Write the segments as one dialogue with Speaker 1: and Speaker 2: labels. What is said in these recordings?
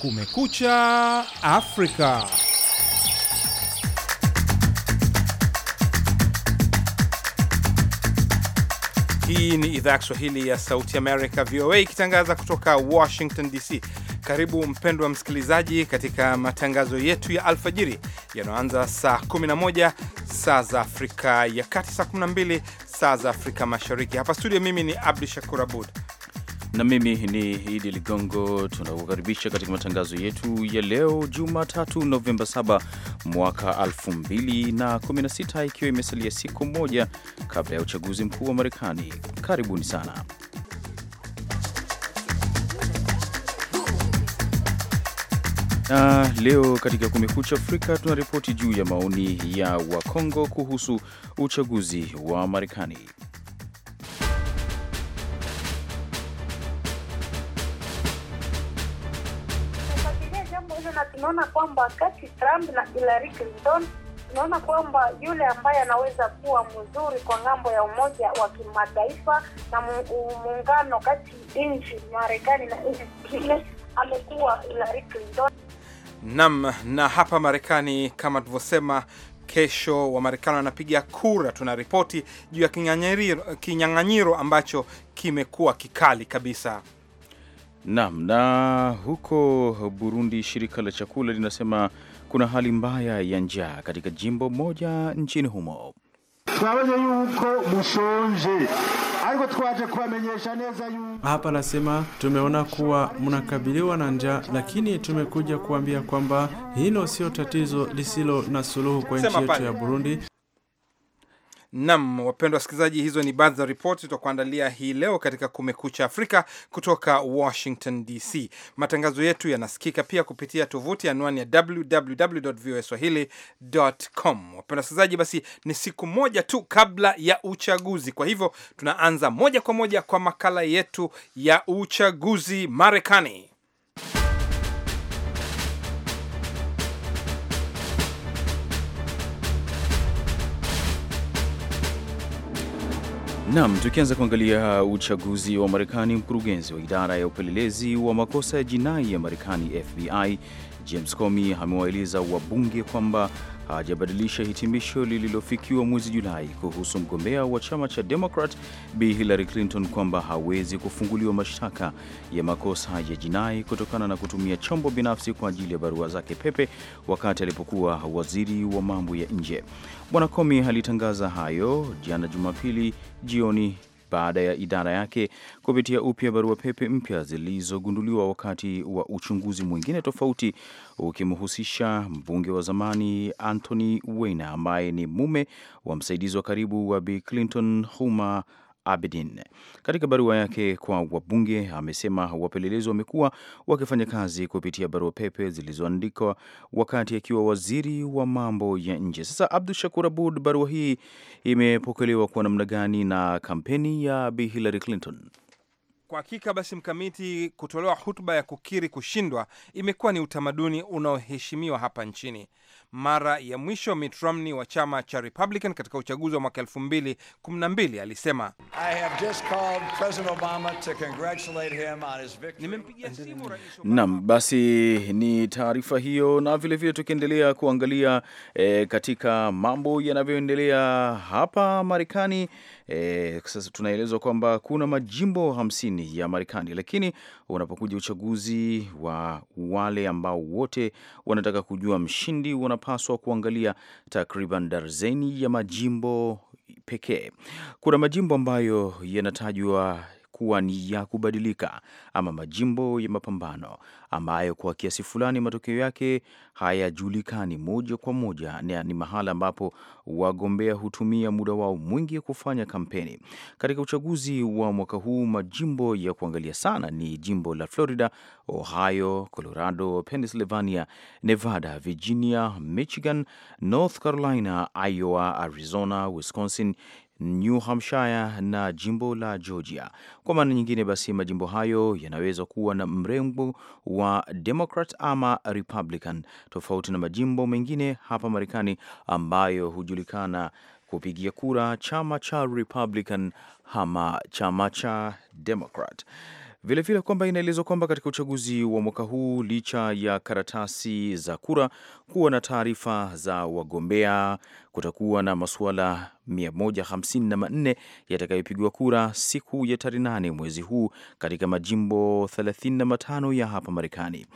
Speaker 1: Kumekucha Afrika. Hii ni idhaa ya Kiswahili ya Sauti Amerika, VOA, ikitangaza kutoka Washington DC. Karibu mpendwa msikilizaji, katika matangazo yetu ya alfajiri yanayoanza saa 11 saa za Afrika ya Kati, saa 12 saa za Afrika Mashariki. Hapa studio, mimi ni Abdu Shakur Abud
Speaker 2: na mimi ni Idi Ligongo. Tunakukaribisha katika matangazo yetu ya leo Jumatatu, Novemba 7 mwaka 2016, ikiwa imesalia siku moja kabla ya uchaguzi mkuu wa Marekani. Karibuni sana. Na leo katika Kumekucha Afrika tunaripoti juu ya maoni ya Wakongo kuhusu uchaguzi wa Marekani.
Speaker 3: tunaona kwamba kati Trump na hilary Clinton tunaona kwamba yule ambaye anaweza kuwa mzuri kwa ng'ambo ya umoja wa kimataifa na muungano kati nchi Marekani na nchi zingine amekuwa hilary Clinton.
Speaker 1: nam na hapa Marekani kama tulivyosema Kesho Wamarekani wanapiga kura. Tuna ripoti juu ya kinyang'anyiro ambacho kimekuwa kikali kabisa.
Speaker 2: Naam, na huko Burundi shirika la chakula linasema kuna hali mbaya ya njaa katika jimbo moja nchini humo.
Speaker 4: Hapa nasema tumeona kuwa mnakabiliwa na njaa, lakini tumekuja kuambia kwamba hilo sio tatizo lisilo na suluhu kwa nchi yetu ya Burundi. Nam,
Speaker 1: wapendwa wasikilizaji, hizo ni baadhi za ripoti tutakuandalia hii leo katika Kumekucha Afrika kutoka Washington DC. Matangazo yetu yanasikika pia kupitia tovuti anwani ya www voa swahili.com. Wapendwa wasikilizaji, basi ni siku moja tu kabla ya uchaguzi, kwa hivyo tunaanza moja kwa moja kwa makala yetu ya uchaguzi Marekani.
Speaker 2: Nam, tukianza kuangalia uchaguzi wa Marekani, mkurugenzi wa idara ya upelelezi wa makosa ya jinai ya Marekani FBI James Comey amewaeleza wabunge kwamba hajabadilisha hitimisho lililofikiwa mwezi Julai kuhusu mgombea wa chama cha Demokrat Bi Hillary Clinton kwamba hawezi kufunguliwa mashtaka ya makosa ya jinai kutokana na kutumia chombo binafsi kwa ajili ya barua zake pepe wakati alipokuwa waziri wa mambo ya nje. Bwana Comey alitangaza hayo jana Jumapili jioni baada ya idara yake kupitia upya barua pepe mpya zilizogunduliwa wakati wa uchunguzi mwingine tofauti ukimhusisha mbunge wa zamani Anthony Weiner ambaye ni mume wa msaidizi wa karibu wa Bi Clinton Huma Abedin. Katika barua yake kwa wabunge amesema wapelelezi wamekuwa wakifanya kazi kupitia barua pepe zilizoandikwa wakati akiwa waziri wa mambo ya nje. Sasa Abdu Shakur Abud, barua hii imepokelewa kwa namna gani na kampeni ya Bi Hillary Clinton?
Speaker 1: Kwa hakika basi, mkamiti, kutolewa hutuba ya kukiri kushindwa imekuwa ni utamaduni unaoheshimiwa hapa nchini. Mara ya mwisho Mitt Romney wa chama cha Republican katika uchaguzi wa mwaka 2012 alisema, nimempigia
Speaker 2: basi ni taarifa hiyo, na vilevile tukiendelea kuangalia e, katika mambo yanavyoendelea hapa Marekani E, sasa tunaelezwa kwamba kuna majimbo hamsini ya Marekani, lakini unapokuja uchaguzi wa wale ambao wote wanataka kujua mshindi, wanapaswa kuangalia takriban darzeni ya majimbo pekee. Kuna majimbo ambayo yanatajwa kuwa ni ya kubadilika ama majimbo ya mapambano ambayo kwa kiasi fulani matokeo yake hayajulikani moja kwa moja, na ni mahala ambapo wagombea hutumia muda wao mwingi kufanya kampeni. Katika uchaguzi wa mwaka huu, majimbo ya kuangalia sana ni jimbo la Florida, Ohio, Colorado, Pennsylvania, Nevada, Virginia, Michigan, North Carolina, Iowa, Arizona, Wisconsin, New Hampshire na jimbo la Georgia. Kwa maana nyingine, basi majimbo hayo yanaweza kuwa na mrengo wa Democrat ama Republican, tofauti na majimbo mengine hapa Marekani ambayo hujulikana kupigia kura chama cha Republican ama chama cha Democrat. Vilevile kwamba inaelezwa kwamba katika uchaguzi wa mwaka huu licha ya karatasi za kura kuwa na taarifa za wagombea, kutakuwa na masuala 154 yatakayopigwa kura siku ya tarehe nane mwezi huu katika majimbo 35 ya hapa Marekani.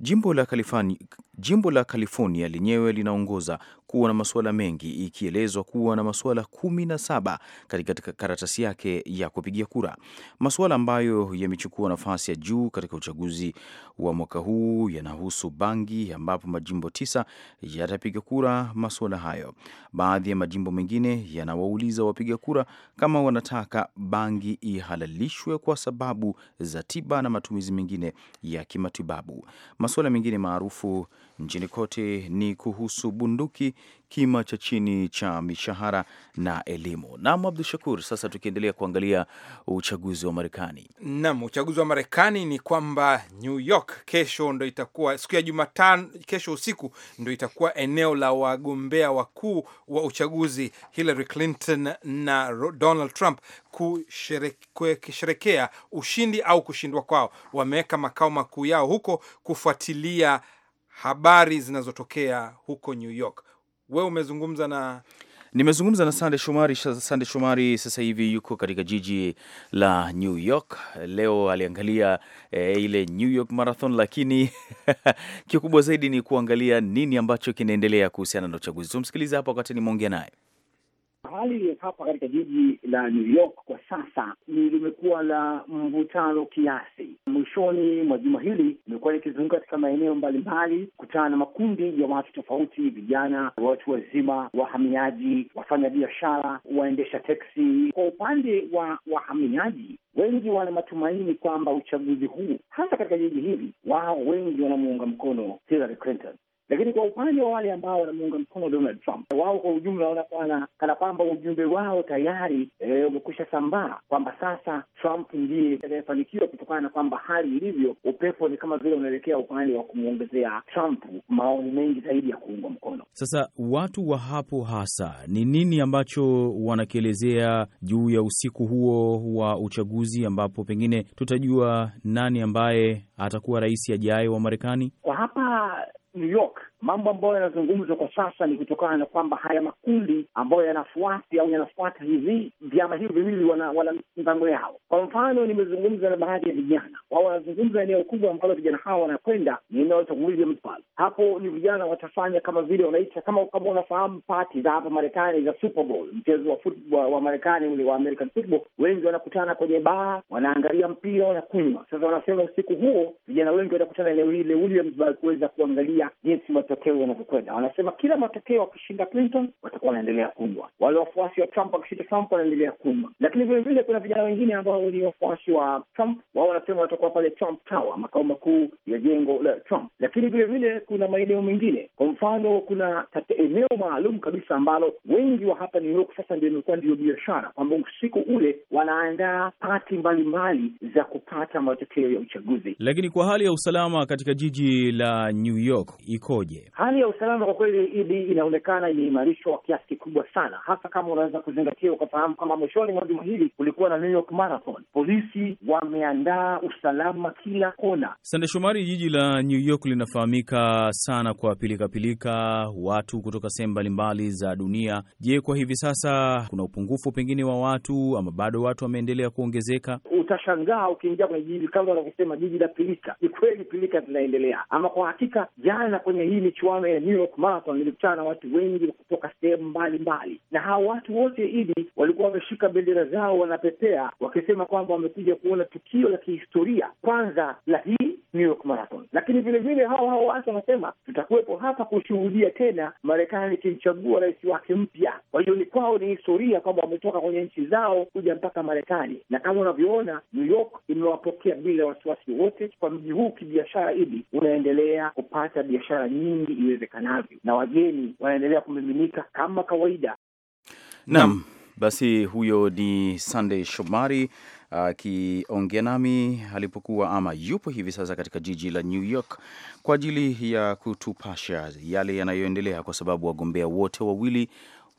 Speaker 2: Jimbo la California, jimbo la California lenyewe linaongoza kuwa na masuala mengi, ikielezwa kuwa na masuala kumi na saba katika karatasi yake ya kupigia kura, masuala ambayo yamechukua nafasi ya juu katika uchaguzi wa mwaka huu yanahusu bangi, ambapo majimbo tisa yatapiga kura masuala hayo. Baadhi ya majimbo mengine yanawauliza wapiga kura kama wanataka bangi ihalalishwe kwa sababu za tiba na matumizi mengine ya kimatibabu. Masuala mengine maarufu nchini kote ni kuhusu bunduki, kima cha chini cha mishahara na elimu. Naam, Abdu Shakur, sasa tukiendelea kuangalia uchaguzi wa Marekani.
Speaker 1: Naam, uchaguzi wa Marekani ni kwamba New York kesho ndo itakuwa siku ya Jumatano, kesho usiku ndo itakuwa eneo la wagombea wakuu wa uchaguzi Hillary Clinton na Donald Trump kusherekea ushindi au kushindwa kwao. Wameweka makao makuu yao huko kufuatilia habari zinazotokea huko New York. Wewe umezungumza na
Speaker 2: Nimezungumza na Sande Shomari. Sande Shomari sasa hivi yuko katika jiji la New York. Leo aliangalia e, ile New York Marathon, lakini kikubwa zaidi ni kuangalia nini ambacho kinaendelea kuhusiana na uchaguzi. Tumsikilize hapa wakati nimeongea naye
Speaker 5: hali hapa katika jiji la New York kwa sasa ni limekuwa la mvutano kiasi. Mwishoni mwa juma hili imekuwa likizunguka katika maeneo mbalimbali kutana na makundi ya watu tofauti, vijana, watu wazima, wahamiaji, wafanyabiashara, waendesha teksi. Kwa upande wa wahamiaji wengi wana matumaini kwamba uchaguzi huu hasa katika jiji hili, wao wengi wanamuunga mkono Hillary Clinton. Lakini kwa upande wa wale ambao wanamuunga mkono Donald Trump, wao kwa ujumla wanaona kana kwamba ujumbe wao tayari eh, umekwisha sambaa, kwamba sasa Trump ndiye anayefanikiwa kutokana na kwamba hali ilivyo, upepo ni kama vile unaelekea upande wa kumwongezea Trump maoni mengi zaidi ya kuungwa mkono.
Speaker 2: Sasa watu wa hapo hasa ni nini ambacho wanakielezea juu ya usiku huo wa uchaguzi, ambapo pengine tutajua nani ambaye atakuwa rais ajaye wa Marekani?
Speaker 5: Kwa hapa New York Mambo ambayo yanazungumzwa kwa sasa ni kutokana na kwamba haya makundi ambayo yanafuasi au yanafuata hivi vyama hivi viwili wana, wana mipango yao. Kwa mfano, nimezungumza na baadhi ya vijana, wao wanazungumza eneo kubwa ambalo vijana hawa wanakwenda ni eneo la William Park. Hapo ni vijana watafanya kama vile wanaita kama kama unafahamu pati za hapa Marekani za Super Bowl, mchezo wa wa, wa Marekani ule wa American football. Wengi wanakutana kwenye baa, wanaangalia mpira, wanakunywa. Sasa wanasema usiku huo vijana wengi watakutana eneo hili Williamsburg kuweza kuangalia jinsi matokeo yanavyokwenda. Wanasema kila matokeo wakishinda Clinton watakuwa wanaendelea kunywa, wale wafuasi wa Trump wakishinda Trump wanaendelea kunywa, lakini vilevile kuna vijana wengine ambao ni wafuasi wa Trump, wao wanasema watakuwa pale Trump Tower, makao makuu ya jengo la Trump. Lakini vilevile kuna maeneo mengine, kwa mfano kuna eneo maalum kabisa ambalo wengi wa hapa New York sasa ndio imekuwa ndio biashara, kwamba usiku ule wanaandaa pati mbalimbali za kupata matokeo ya uchaguzi.
Speaker 2: Lakini kwa hali ya usalama katika jiji la New York ikoje?
Speaker 5: Hali ya usalama kwa kweli, Idi, inaonekana imeimarishwa kwa kiasi kikubwa sana, hasa kama unaweza kuzingatia ukafahamu kwamba mwishoni mwa juma hili kulikuwa na New York Marathon. Polisi wameandaa usalama kila kona.
Speaker 2: Sande Shomari, jiji la New York linafahamika sana kwa pilikapilika, watu kutoka sehemu mbalimbali za dunia. Je, kwa hivi sasa kuna upungufu pengine wa watu ama bado watu wameendelea kuongezeka.
Speaker 5: Utashangaa ukiingia kwenye jiji kama wanavyosema jiji la pilika. Ni kweli pilika zinaendelea, ama kwa hakika, jana kwenye hii michuano ya New York Marathon nilikutana na watu wengi kutoka sehemu mbalimbali, na hawa watu wote idi walikuwa wameshika bendera zao wanapepea, wakisema kwamba wamekuja kuona tukio la kihistoria kwanza la hii New York Marathon. Lakini vile vile hao hao watu wanasema tutakuwepo hapa kushuhudia tena Marekani ikimchagua rais wake mpya. Kwa hiyo ni kwao ni historia kwamba wametoka kwenye nchi zao kuja mpaka Marekani, na kama unavyoona New York imewapokea bila wasiwasi wote. Kwa mji huu kibiashara, idi unaendelea kupata biashara nyingi iwezekanavyo, na wageni wanaendelea kumiminika kama kawaida.
Speaker 2: Naam, basi huyo ni Sunday Shomari akiongea nami alipokuwa ama yupo hivi sasa katika jiji la New York kwa ajili ya kutupasha yale yanayoendelea, kwa sababu wagombea wote wawili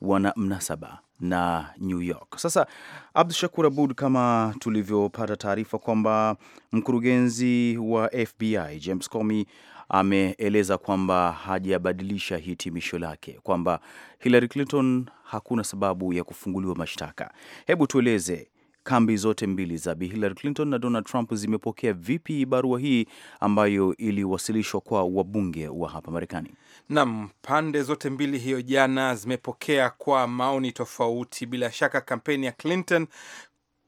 Speaker 2: wana mnasaba na New York. Sasa Abdu Shakur Abud, kama tulivyopata taarifa kwamba mkurugenzi wa FBI James Comey ameeleza kwamba hajabadilisha hitimisho lake kwamba Hillary Clinton hakuna sababu ya kufunguliwa mashtaka. Hebu tueleze kambi zote mbili za Bi Hillary Clinton na Donald Trump zimepokea vipi barua hii ambayo iliwasilishwa kwa wabunge wa hapa Marekani?
Speaker 1: Naam, pande zote mbili hiyo jana zimepokea kwa maoni tofauti. Bila shaka kampeni ya Clinton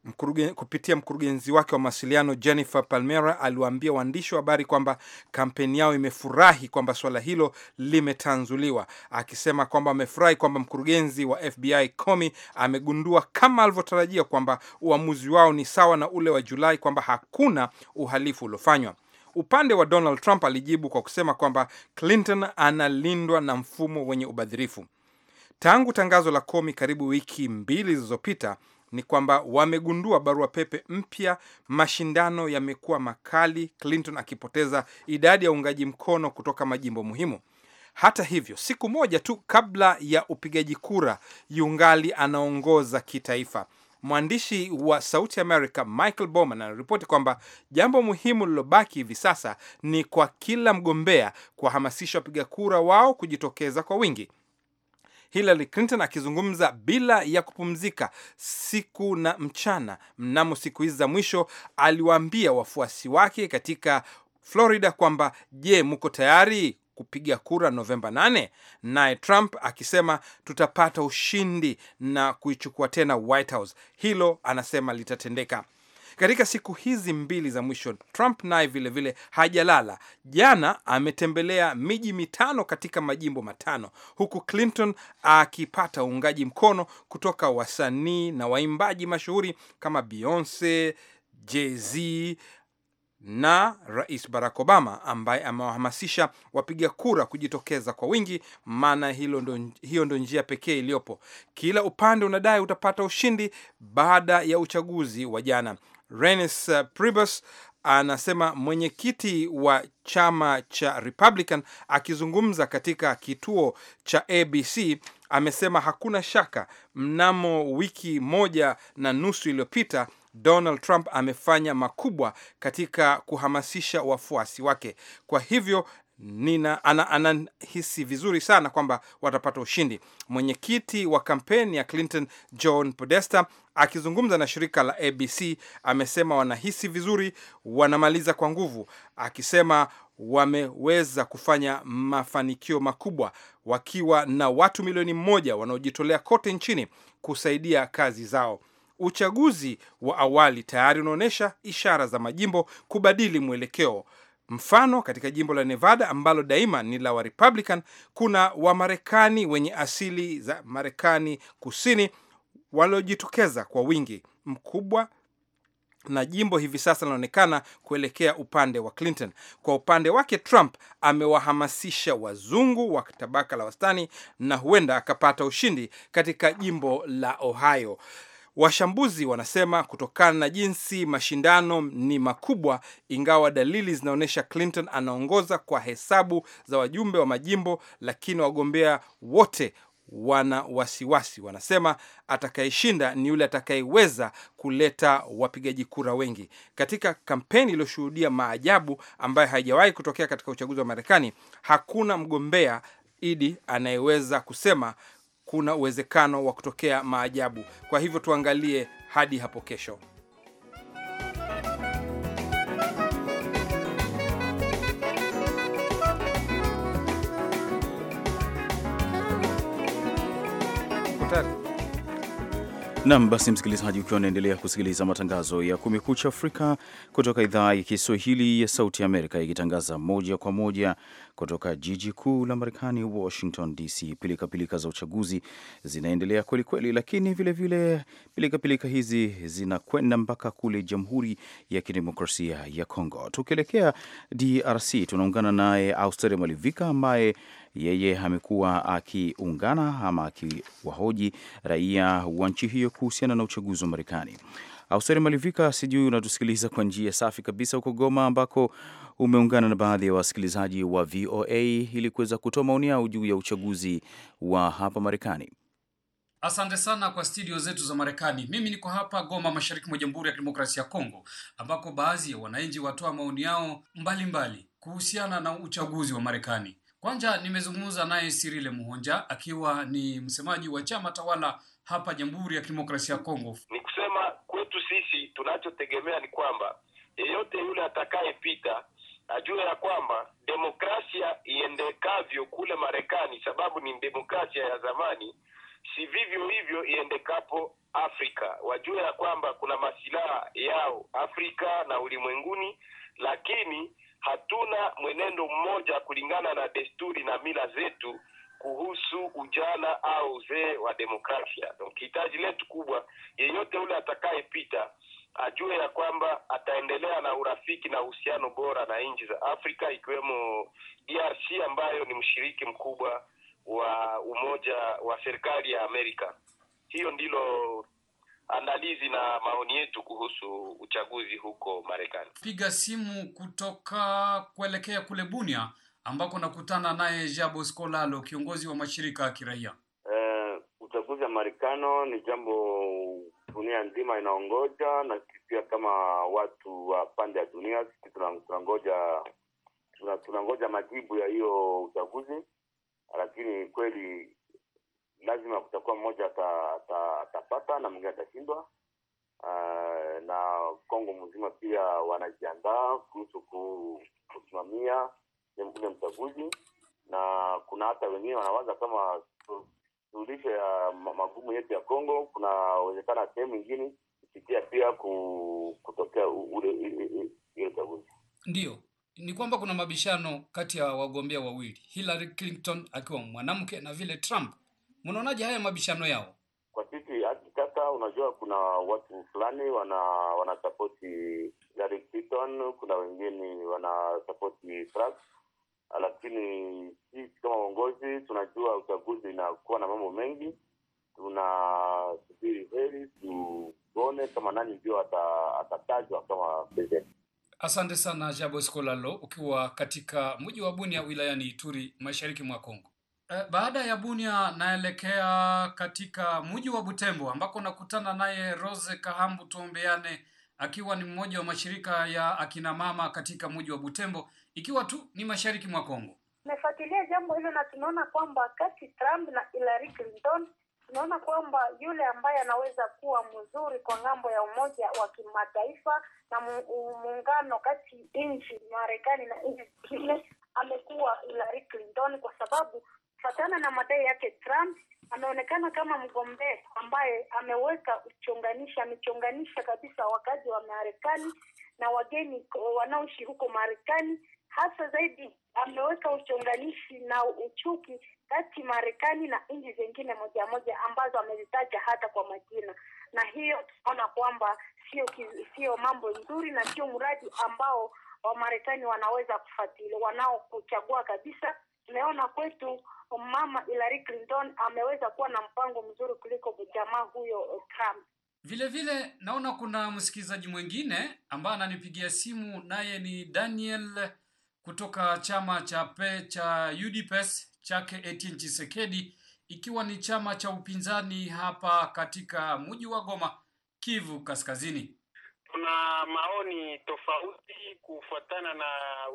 Speaker 1: Mkurugen, kupitia mkurugenzi wake wa mawasiliano Jennifer Palmera aliwaambia waandishi wa habari kwamba kampeni yao imefurahi kwamba suala hilo limetanzuliwa, akisema kwamba amefurahi kwamba mkurugenzi wa FBI Comey amegundua kama alivyotarajia kwamba uamuzi wao ni sawa na ule wa Julai, kwamba hakuna uhalifu uliofanywa. Upande wa Donald Trump alijibu kwa kusema kwamba Clinton analindwa na mfumo wenye ubadhirifu. Tangu tangazo la Comey karibu wiki mbili zilizopita ni kwamba wamegundua barua pepe mpya. Mashindano yamekuwa makali, Clinton akipoteza idadi ya uungaji mkono kutoka majimbo muhimu. Hata hivyo, siku moja tu kabla ya upigaji kura, yungali anaongoza kitaifa. Mwandishi wa Sauti America Michael Bowman anaripoti kwamba jambo muhimu lilobaki hivi sasa ni kwa kila mgombea kuwahamasisha wapiga kura wao kujitokeza kwa wingi. Hillary Clinton akizungumza bila ya kupumzika siku na mchana mnamo siku hizi za mwisho, aliwaambia wafuasi wake katika Florida kwamba je, mko tayari kupiga kura Novemba 8? Naye Trump akisema tutapata ushindi na kuichukua tena White House. Hilo anasema litatendeka. Katika siku hizi mbili za mwisho, Trump naye vilevile hajalala. Jana ametembelea miji mitano katika majimbo matano, huku Clinton akipata uungaji mkono kutoka wasanii na waimbaji mashuhuri kama Beyonce, Jay-Z na Rais Barack Obama ambaye amewahamasisha wapiga kura kujitokeza kwa wingi, maana hiyo ndo njia pekee iliyopo. Kila upande unadai utapata ushindi baada ya uchaguzi wa jana. Rennis Pribus anasema mwenyekiti wa chama cha Republican akizungumza katika kituo cha ABC amesema hakuna shaka, mnamo wiki moja na nusu iliyopita Donald Trump amefanya makubwa katika kuhamasisha wafuasi wake. Kwa hivyo nina anahisi ana, vizuri sana kwamba watapata ushindi. Mwenyekiti wa kampeni ya Clinton John Podesta akizungumza na shirika la ABC amesema wanahisi vizuri, wanamaliza kwa nguvu, akisema wameweza kufanya mafanikio makubwa wakiwa na watu milioni moja wanaojitolea kote nchini kusaidia kazi zao. Uchaguzi wa awali tayari unaonyesha ishara za majimbo kubadili mwelekeo. Mfano, katika jimbo la Nevada ambalo daima ni la Warepublican, kuna Wamarekani wenye asili za Marekani kusini waliojitokeza kwa wingi mkubwa na jimbo hivi sasa linaonekana kuelekea upande wa Clinton. Kwa upande wake, Trump amewahamasisha wazungu wa tabaka la wastani na huenda akapata ushindi katika jimbo la Ohio. Washambuzi wanasema kutokana na jinsi mashindano ni makubwa, ingawa dalili zinaonyesha Clinton anaongoza kwa hesabu za wajumbe wa majimbo, lakini wagombea wote wana wasiwasi. Wanasema atakayeshinda ni yule atakayeweza kuleta wapigaji kura wengi. Katika kampeni iliyoshuhudia maajabu ambayo haijawahi kutokea katika uchaguzi wa Marekani, hakuna mgombea idi anayeweza kusema kuna uwezekano wa kutokea maajabu. Kwa hivyo tuangalie hadi hapo kesho.
Speaker 2: Nam basi, msikilizaji, ukiwa unaendelea kusikiliza matangazo ya Kumekucha Afrika kutoka idhaa ya Kiswahili ya Sauti Amerika, ikitangaza moja kwa moja kutoka jiji kuu la Marekani, Washington DC. Pilikapilika za uchaguzi zinaendelea kwelikweli, lakini vilevile pilikapilika hizi zinakwenda mpaka kule Jamhuri ya Kidemokrasia ya Kongo. Tukielekea DRC, tunaungana naye Austeri Malivika ambaye yeye amekuwa akiungana ama akiwahoji raia wa nchi hiyo kuhusiana na uchaguzi wa Marekani. austeri Malivika, sijui unatusikiliza kwa njia safi kabisa huko Goma, ambako umeungana na baadhi ya wasikilizaji wa VOA ili kuweza kutoa maoni yao juu ya uchaguzi wa hapa Marekani.
Speaker 6: Asante sana kwa studio zetu za Marekani. Mimi niko hapa Goma, mashariki mwa Jamhuri ya Kidemokrasia ya Kongo, ambako baadhi ya wananchi watoa maoni yao mbalimbali kuhusiana na uchaguzi wa Marekani. Kwanza nimezungumza naye Sirile Muhonja akiwa ni msemaji wa chama tawala hapa Jamhuri ya Kidemokrasia ya Kongo.
Speaker 7: Ni kusema kwetu sisi tunachotegemea ni kwamba yeyote yule atakayepita ajue ya kwamba demokrasia iendekavyo kule Marekani, sababu ni demokrasia ya zamani, si vivyo hivyo iendekapo Afrika. Wajue ya kwamba kuna masilaha yao Afrika na ulimwenguni, lakini hatuna mwenendo mmoja kulingana na desturi na mila zetu kuhusu ujana au uzee wa demokrasia. hitaji letu kubwa, yeyote ule atakayepita ajue ya kwamba ataendelea na urafiki na uhusiano bora na nchi za Afrika ikiwemo DRC ambayo ni mshiriki mkubwa wa umoja wa serikali ya Amerika. Hiyo ndilo andalizi na maoni yetu kuhusu uchaguzi huko Marekani.
Speaker 6: Piga simu kutoka kuelekea kule Bunia ambako nakutana naye Jabo Skolalo, kiongozi wa mashirika ya kiraia.
Speaker 7: Uh, uchaguzi wa Marekani ni jambo dunia nzima inaongoja, na pia kama watu wa pande ya dunia sisi tunangoja tunangoja majibu ya hiyo uchaguzi, lakini kweli lazima kutakuwa mmoja atapata na mwingine atashindwa. Uh, na Kongo mzima pia wanajiandaa kuhusu kusimamia ule mchaguzi, na kuna hata wengine wanawaza kama suluhisho ya magumu yetu ya Kongo, kunawezekana sehemu ingine ikitia pia kutokea ule ile uchaguzi.
Speaker 6: ndio ni kwamba kuna mabishano kati ya wagombea wawili, Hillary Clinton akiwa mwanamke na vile Trump mnaonaje haya mabishano yao?
Speaker 7: Kwa sisi hadi sasa, unajua kuna watu fulani wana wanasapoti Gary Clinton, kuna wengine wanasapoti Trump, lakini sisi kama uongozi tunajua uchaguzi inakuwa na mambo mengi. Tunasubiri heri tuone kama nani ndio atatajwa kama president.
Speaker 6: Asante sana Jabo Skolalo, ukiwa katika mji wa Bunia wilayani Ituri, mashariki mwa Kongo. Eh, baada ya Bunia naelekea katika mji wa Butembo ambako nakutana naye Rose Kahambu tuombeane, akiwa ni mmoja wa mashirika ya akina mama katika mji wa Butembo, ikiwa tu ni mashariki mwa Kongo.
Speaker 3: Tumefuatilia jambo hilo na tunaona kwamba kati Trump na Hillary Clinton, tunaona kwamba yule ambaye anaweza kuwa mzuri kwa ng'ambo ya umoja wa kimataifa na muungano kati nchi Marekani na nchi zingine amekuwa Hillary Clinton kwa sababu kufatana na madai yake, Trump ameonekana kama mgombea ambaye ameweka uchonganishi, amechonganisha kabisa wakazi wa Marekani na wageni wanaoishi huko Marekani. Hasa zaidi ameweka uchonganishi na uchuki kati Marekani na nchi zingine moja moja ambazo amezitaja hata kwa majina, na hiyo tunaona kwamba sio sio mambo nzuri na sio mradi ambao Wamarekani wanaweza kufuatilia, wanaokuchagua kabisa tumeona kwetu mama Hillary Clinton ameweza kuwa na mpango mzuri kuliko jamaa huyo eh, Trump.
Speaker 6: Vile vile naona kuna msikilizaji mwingine ambaye ananipigia simu, naye ni Daniel kutoka chama cha pe cha UDPS chake Etienne Tshisekedi, ikiwa ni chama cha upinzani hapa katika mji wa Goma, Kivu Kaskazini
Speaker 7: kuna maoni tofauti kufuatana na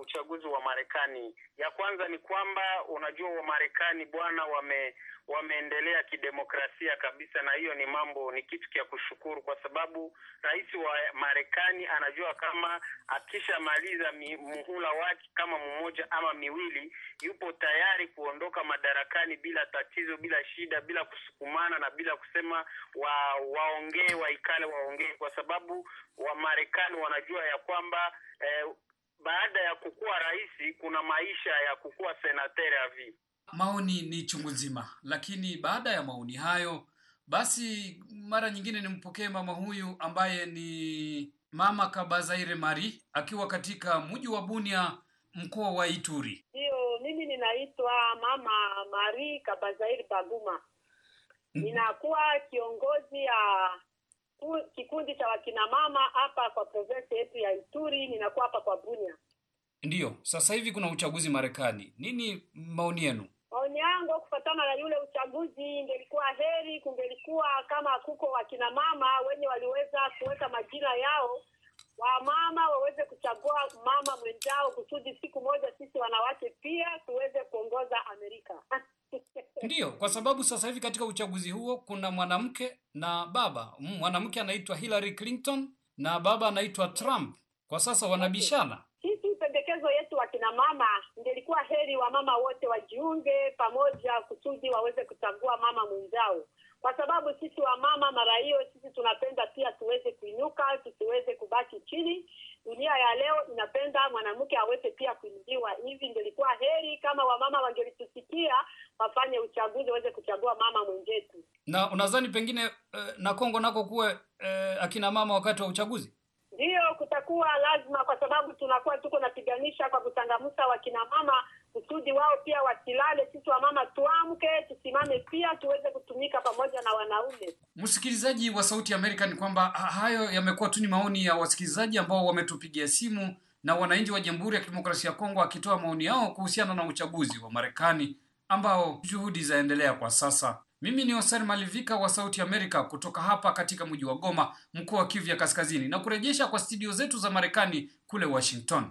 Speaker 7: uchaguzi wa Marekani. Ya kwanza ni kwamba unajua, Wamarekani bwana, wame wameendelea kidemokrasia kabisa, na hiyo ni mambo ni kitu cha kushukuru, kwa sababu rais wa Marekani anajua kama akishamaliza muhula wake kama mmoja ama miwili, yupo tayari kuondoka madarakani bila tatizo, bila shida, bila kusukumana na bila kusema wa waongee waikale waongee, kwa sababu wa wa Marekani wanajua ya kwamba eh,
Speaker 6: baada ya kukuwa rais kuna maisha ya kukuwa senateri avi. Maoni ni chungu nzima, lakini baada ya maoni hayo basi mara nyingine nimpokee mama huyu ambaye ni Mama Kabazaire Mari akiwa katika mji wa Bunia, mkoa wa Ituri.
Speaker 3: Ndiyo, mimi ninaitwa Mama Mari Kabazaire Baguma, mm-hmm. ninakuwa kiongozi ya kikundi cha wakinamama hapa kwa provensi yetu ya Ituri, ninakuwa hapa kwa Bunya.
Speaker 6: Ndiyo, sasa hivi kuna uchaguzi Marekani. Nini maoni yenu?
Speaker 3: Maoni yangu kufatana na yule uchaguzi, ingelikuwa heri kungelikuwa kama kuko wakinamama wenye waliweza kuweka majina yao wamama waweze kuchagua mama mwenzao kusudi siku moja sisi wanawake pia tuweze kuongoza Amerika. Ndiyo,
Speaker 6: kwa sababu sasa hivi katika uchaguzi huo kuna mwanamke na baba. Mwanamke anaitwa Hillary Clinton na baba anaitwa Trump. Kwa sasa wanabishana.
Speaker 7: Sisi
Speaker 3: pendekezo yetu wakina mama, ingelikuwa heri wamama wote wajiunge pamoja kusudi waweze kuchagua mama mwenzao kwa sababu sisi wamama mara hiyo sisi tunapenda pia tuweze kuinuka, tusiweze kubaki chini. Dunia ya leo inapenda mwanamke aweze pia kuinuliwa. Hivi ndilikuwa heri kama wamama wangelitusikia, wafanye uchaguzi, waweze kuchagua mama mwenzetu.
Speaker 6: Na unadhani pengine eh, na Kongo nako kuwe eh, akina mama wakati wa uchaguzi?
Speaker 3: Ndiyo, kutakuwa lazima, kwa sababu tunakuwa tuko napiganisha kwa kutangamusa wakina mama kusudi wao pia wasilale, sisi wamama tuamke, tusimame pia tuweze kutumika pamoja na wanaume.
Speaker 6: Msikilizaji wa Sauti ya Amerika, ni kwamba hayo yamekuwa tu ni maoni ya wasikilizaji ambao wametupigia simu na wananchi wa Jamhuri ya Kidemokrasia ya Kongo akitoa maoni yao kuhusiana na uchaguzi wa Marekani ambao juhudi zaendelea kwa sasa. Mimi ni Hoser Malivika wa Sauti Amerika kutoka hapa katika mji wa Goma, mkoa wa Kivu ya Kaskazini, na kurejesha kwa studio zetu za Marekani kule Washington.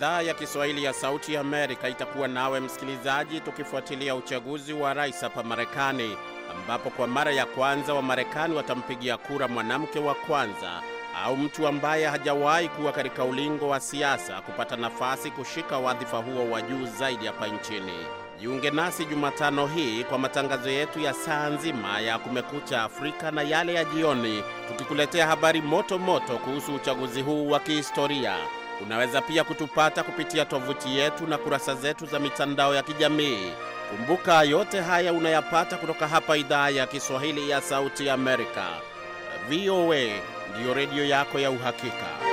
Speaker 7: Idhaa ya Kiswahili ya Sauti ya Amerika itakuwa nawe msikilizaji, tukifuatilia uchaguzi wa rais hapa Marekani, ambapo kwa mara ya kwanza Wamarekani watampigia kura mwanamke wa kwanza au mtu ambaye hajawahi kuwa katika ulingo wa siasa kupata nafasi kushika wadhifa huo wa juu zaidi hapa nchini. Jiunge nasi Jumatano hii kwa matangazo yetu ya saa nzima ya Kumekucha Afrika na yale ya jioni, tukikuletea habari moto moto kuhusu uchaguzi huu wa kihistoria. Unaweza pia kutupata kupitia tovuti yetu na kurasa zetu za mitandao ya kijamii. Kumbuka yote haya
Speaker 2: unayapata kutoka hapa idhaa ya Kiswahili ya Sauti ya Amerika. VOA
Speaker 1: ndiyo redio yako ya uhakika.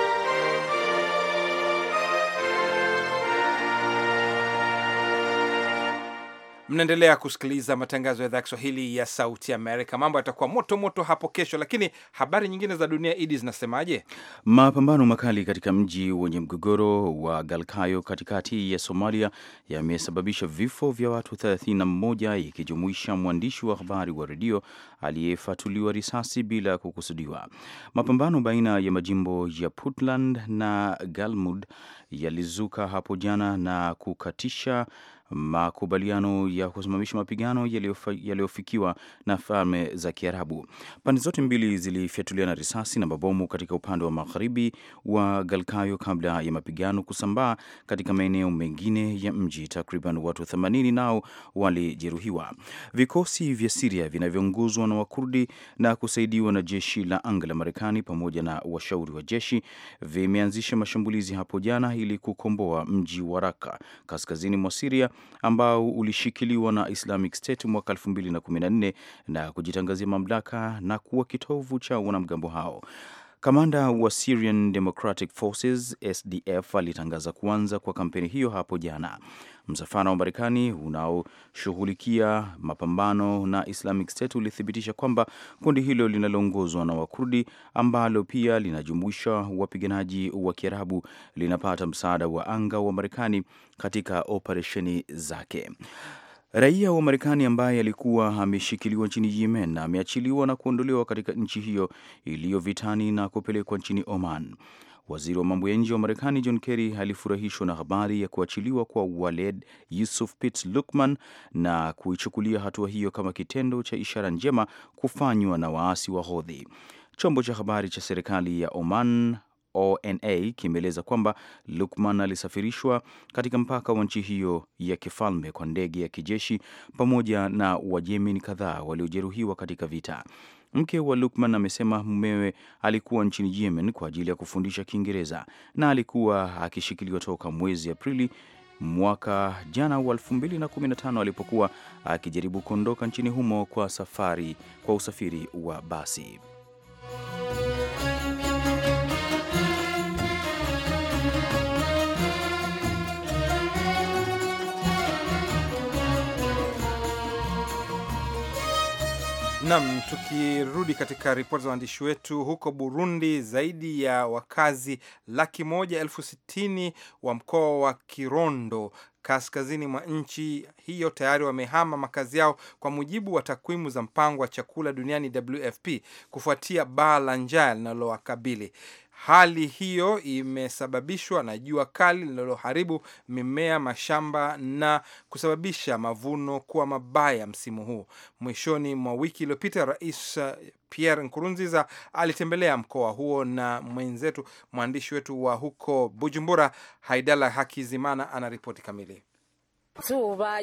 Speaker 1: Mnaendelea kusikiliza matangazo ya idhaa Kiswahili ya Sauti Amerika. Mambo yatakuwa moto moto hapo kesho, lakini habari nyingine za dunia idi zinasemaje?
Speaker 2: Mapambano makali katika mji wenye mgogoro wa Galkayo katikati ya Somalia yamesababisha vifo vya watu 31 ikijumuisha mwandishi wa habari wa redio aliyefatuliwa risasi bila kukusudiwa. Mapambano baina ya majimbo ya Puntland na Galmud yalizuka hapo jana na kukatisha makubaliano ya kusimamisha mapigano yaliyofikiwa na Falme za Kiarabu. Pande zote mbili zilifyatuliana risasi na mabomu katika upande wa magharibi wa Galkayo kabla ya mapigano kusambaa katika maeneo mengine ya mji. Takriban watu 80 nao walijeruhiwa. Vikosi vya Siria vinavyoongozwa na Wakurdi na kusaidiwa na jeshi la anga la Marekani pamoja na washauri wa jeshi vimeanzisha mashambulizi hapo jana ili kukomboa mji wa Raka kaskazini mwa Siria ambao ulishikiliwa na Islamic State mwaka 2014 na kujitangazia mamlaka na kuwa kitovu cha wanamgambo hao. Kamanda wa Syrian Democratic Forces SDF alitangaza kuanza kwa kampeni hiyo hapo jana. Msafara wa Marekani unaoshughulikia mapambano na Islamic State ulithibitisha kwamba kundi hilo linaloongozwa na Wakurdi ambalo pia linajumuisha wapiganaji wa Kiarabu linapata msaada wa anga wa Marekani katika operesheni zake. Raia wa Marekani ambaye alikuwa ameshikiliwa nchini Yemen ameachiliwa na kuondolewa katika nchi hiyo iliyo vitani na kupelekwa nchini Oman. Waziri wa mambo ya nje wa Marekani John Kerry alifurahishwa na habari ya kuachiliwa kwa Waled Yusuf Pitt Lukman na kuichukulia hatua hiyo kama kitendo cha ishara njema kufanywa na waasi wa Hodhi. Chombo cha habari cha serikali ya Oman ONA kimeeleza kwamba Lukman alisafirishwa katika mpaka wa nchi hiyo ya kifalme kwa ndege ya kijeshi pamoja na Wajemen kadhaa waliojeruhiwa katika vita. Mke wa Lukman amesema mumewe alikuwa nchini Yemen kwa ajili ya kufundisha Kiingereza na alikuwa akishikiliwa toka mwezi Aprili mwaka jana wa 2015 alipokuwa akijaribu kuondoka nchini humo kwa safari kwa usafiri wa basi.
Speaker 1: Nam, tukirudi katika ripoti za waandishi wetu huko Burundi, zaidi ya wakazi laki moja elfu sitini wa mkoa wa Kirondo kaskazini mwa nchi hiyo tayari wamehama makazi yao kwa mujibu wa takwimu za mpango wa chakula duniani WFP kufuatia baa la njaa linalowakabili. Hali hiyo imesababishwa na jua kali linaloharibu mimea, mashamba na kusababisha mavuno kuwa mabaya msimu huu. Mwishoni mwa wiki iliyopita, Rais Pierre Nkurunziza alitembelea mkoa huo, na mwenzetu mwandishi wetu wa huko Bujumbura, Haidala Hakizimana,
Speaker 4: anaripoti kamili. Zuba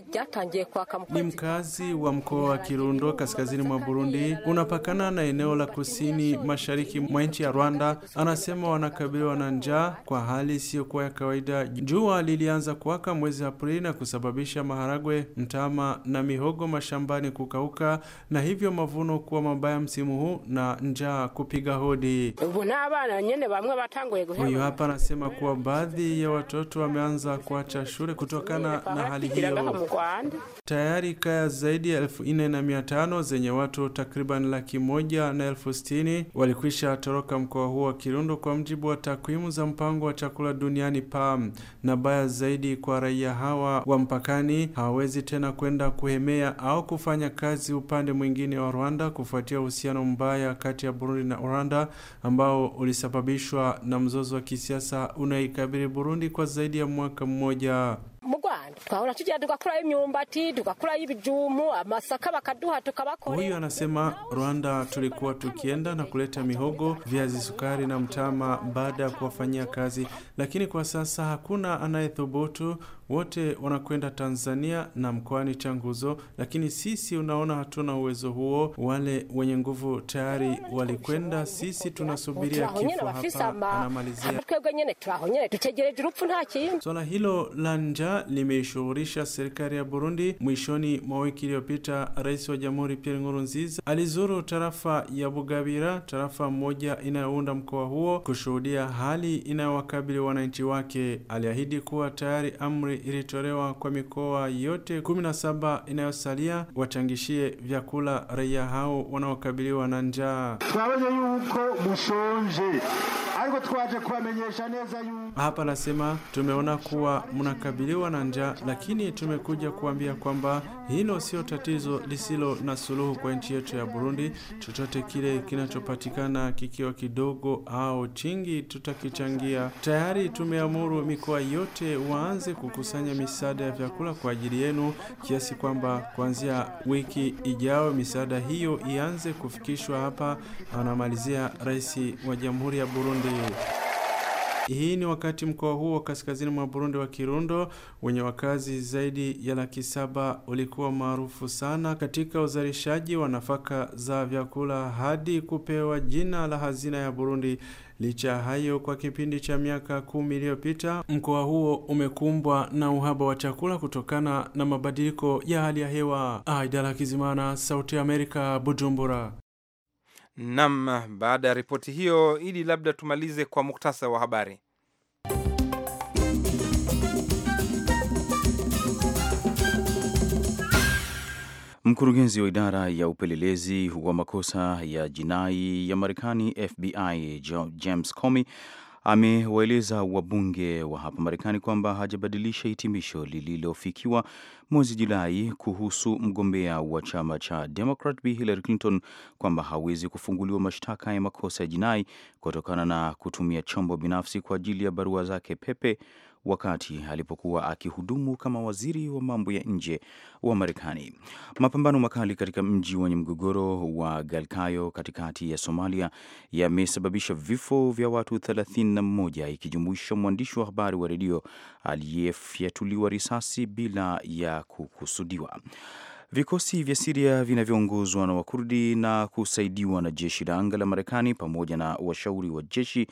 Speaker 4: Ni mkazi wa mkoa wa Kirundo kaskazini mwa Burundi, unapakana na eneo la kusini mashariki mwa nchi ya Rwanda. Anasema wanakabiliwa na njaa kwa hali isiyokuwa ya kawaida. Jua lilianza kuwaka mwezi Aprili na kusababisha maharagwe, mtama na mihogo mashambani kukauka na hivyo mavuno kuwa mabaya msimu huu na njaa kupiga hodi. Huyu hapa anasema kuwa baadhi ya watoto wameanza kuacha shule kutokana na hali bigirangaha Tayari kaya zaidi ya elfu nne na mia tano zenye watu takriban laki moja na elfu sitini walikwisha toroka mkoa huo wa Kirundo kwa mjibu wa takwimu za mpango wa chakula duniani PAM, na baya zaidi kwa raia hawa wa mpakani hawawezi tena kwenda kuhemea au kufanya kazi upande mwingine wa Rwanda kufuatia uhusiano mbaya kati ya Burundi na Rwanda ambao ulisababishwa na mzozo wa kisiasa unaikabili Burundi kwa zaidi ya mwaka mmoja
Speaker 3: cyane twahora tujya tugakuraho imyumbati tugakuraho ibijumu amasaka bakaduha tukabakorera.
Speaker 4: Huyu anasema Rwanda tulikuwa tukienda na kuleta mihogo, viazi, sukari na mtama baada ya kuwafanyia kazi, lakini kwa sasa hakuna anayethubutu wote wanakwenda Tanzania na mkoani Changuzo, lakini sisi unaona hatuna uwezo huo. Wale wenye nguvu tayari walikwenda, sisi tunasubiria kifo hapa, anamalizia. Swala hilo la njaa limeishughulisha serikali ya Burundi. Mwishoni mwa wiki iliyopita, rais wa jamhuri Pierre Nkurunziza alizuru tarafa ya Bugabira, tarafa moja inayounda mkoa huo, kushuhudia hali inayowakabili wananchi wake. Aliahidi kuwa tayari amri ilitolewa kwa mikoa yote 17 inayosalia wachangishie vyakula raia hao wanaokabiliwa na njaa ariko twaje kubamenyesha neza yuko hapa. Nasema tumeona kuwa mnakabiliwa na njaa, lakini tumekuja kuambia kwamba hilo sio tatizo lisilo na suluhu kwa nchi yetu ya Burundi. Chochote kile kinachopatikana kikiwa kidogo au chingi, tutakichangia. Tayari tumeamuru mikoa yote waanze kukusanya misaada ya vyakula kwa ajili yenu, kiasi kwamba kuanzia wiki ijayo misaada hiyo ianze kufikishwa hapa. Anamalizia Rais wa Jamhuri ya Burundi. Burundi. Hii ni wakati mkoa huo wa kaskazini mwa Burundi wa Kirundo wenye wakazi zaidi ya laki saba ulikuwa maarufu sana katika uzalishaji wa nafaka za vyakula hadi kupewa jina la hazina ya Burundi. Licha ya hayo, kwa kipindi cha miaka kumi iliyopita mkoa huo umekumbwa na uhaba wa chakula kutokana na mabadiliko ya hali ya hewa. Aidala Kizimana, Sauti ya Amerika, Bujumbura.
Speaker 1: Nam, baada ya ripoti hiyo, ili labda tumalize kwa muktasa wa habari.
Speaker 2: Mkurugenzi wa idara ya upelelezi wa makosa ya jinai ya Marekani, FBI, James Comey amewaeleza wabunge wa hapa Marekani kwamba hajabadilisha hitimisho lililofikiwa mwezi Julai kuhusu mgombea wa chama cha Democrat Bi Hillary Clinton kwamba hawezi kufunguliwa mashtaka ya makosa ya jinai kutokana na kutumia chombo binafsi kwa ajili ya barua zake pepe wakati alipokuwa akihudumu kama waziri wa mambo ya nje wa Marekani. Mapambano makali katika mji wenye mgogoro wa Galkayo katikati ya Somalia yamesababisha vifo vya watu 31 ikijumuisha mwandishi wa habari wa redio aliyefyatuliwa risasi bila ya kukusudiwa. Vikosi vya Siria vinavyoongozwa na Wakurdi na kusaidiwa na jeshi la anga la Marekani pamoja na washauri wa jeshi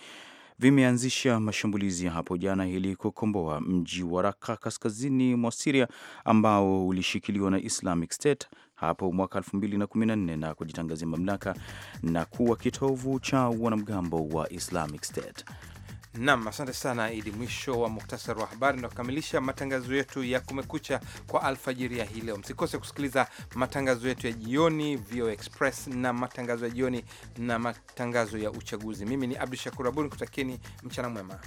Speaker 2: vimeanzisha mashambulizi hapo jana ili kukomboa mji wa Raka kaskazini mwa Siria ambao ulishikiliwa na Islamic State hapo mwaka 2014 na kujitangazia mamlaka na kuwa kitovu cha wanamgambo wa Islamic State.
Speaker 1: Nam, asante sana Idi. Mwisho wa muktasari wa habari nakukamilisha matangazo yetu ya Kumekucha kwa alfajiri ya hii leo. Msikose kusikiliza matangazo yetu ya jioni, VOA Express na matangazo ya jioni na matangazo ya uchaguzi. Mimi ni Abdu Shakur Abud, kutakieni mchana mwema.